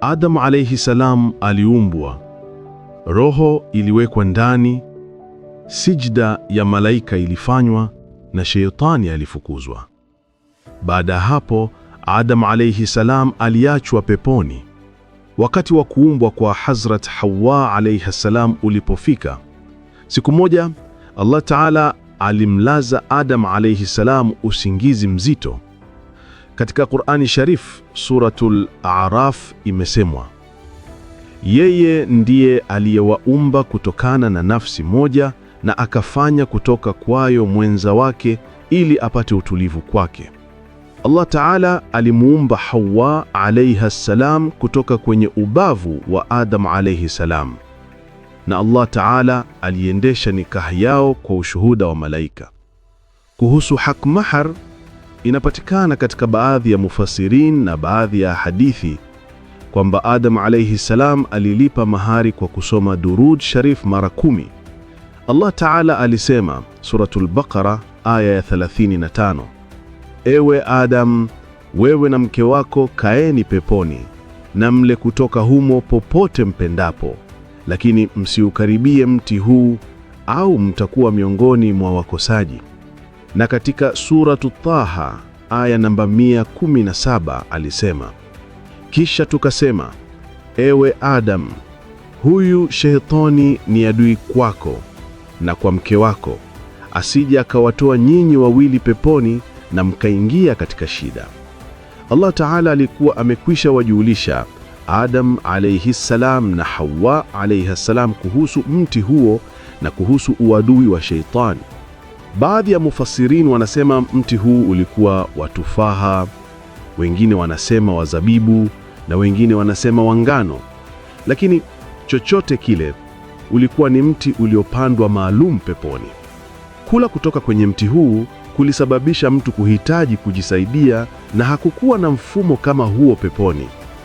Adam alayhi salam aliumbwa, roho iliwekwa ndani, sijda ya malaika ilifanywa na sheitani alifukuzwa. Baada ya hapo, Adam alayhi salam aliachwa peponi. Wakati wa kuumbwa kwa Hazrat Hawa alayhi salam ulipofika, siku moja Allah Taala alimlaza Adam alayhi salam usingizi mzito. Katika Qur'ani Sharif Suratul Araf imesemwa, yeye ndiye aliyewaumba kutokana na nafsi moja na akafanya kutoka kwayo mwenza wake ili apate utulivu kwake. Allah Ta'ala alimuumba Hawa alayha salam kutoka kwenye ubavu wa Adam alayhi salam, na Allah Ta'ala aliendesha nikaha yao kwa ushuhuda wa malaika. Kuhusu hak mahar Inapatikana katika baadhi ya mufasirin na baadhi ya hadithi kwamba Adam alayhi salam alilipa mahari kwa kusoma durud sharif mara kumi. Allah Ta'ala alisema Suratul Baqara aya ya 35, ewe Adam, wewe na mke wako kaeni peponi na mle kutoka humo popote mpendapo, lakini msiukaribie mti huu au mtakuwa miongoni mwa wakosaji na katika Suratu Taha aya namba 117 alisema, kisha tukasema, ewe Adam, huyu Sheitani ni adui kwako na kwa mke wako, asije akawatoa nyinyi wawili peponi na mkaingia katika shida. Allah Taala alikuwa amekwisha wajuulisha Adam alayhi salam na Hawa alayhi salam kuhusu mti huo na kuhusu uadui wa Sheitani. Baadhi ya mufasirini wanasema mti huu ulikuwa wa tufaha, wengine wanasema wa zabibu na wengine wanasema wa ngano, lakini chochote kile, ulikuwa ni mti uliopandwa maalum peponi. Kula kutoka kwenye mti huu kulisababisha mtu kuhitaji kujisaidia, na hakukuwa na mfumo kama huo peponi.